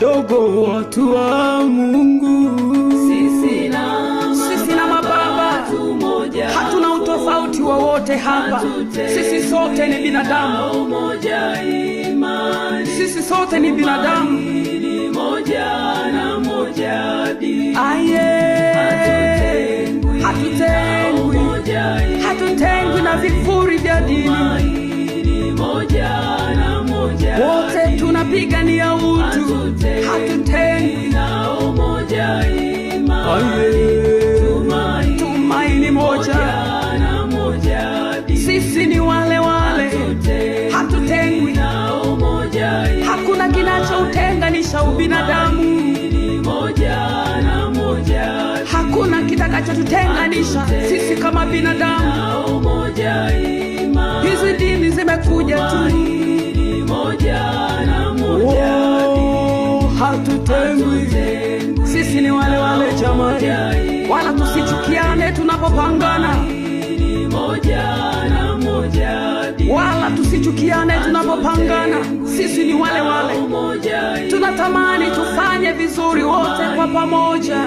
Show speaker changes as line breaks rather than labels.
dogo watu wa Mungu,
sisi na mababa hatuna utofauti wowote hapa. Sisi sote ni binadamu, sisi sote ni binadamu. Hatutengwi na vifuri vya
dini, wote
tunapigania
tumaini, tumaini moja,
sisi ni wale wale,
hatutengwi,
hakuna kinachoutenganisha ubinadamu, hakuna kitakachotutenganisha sisi kama binadamu. Hizi dini zimekuja tu wala tusichukiane tunapopangana, wala tusichukiane tunapopangana. Sisi ni wale wale, tunatamani tufanye vizuri wote kwa pamoja.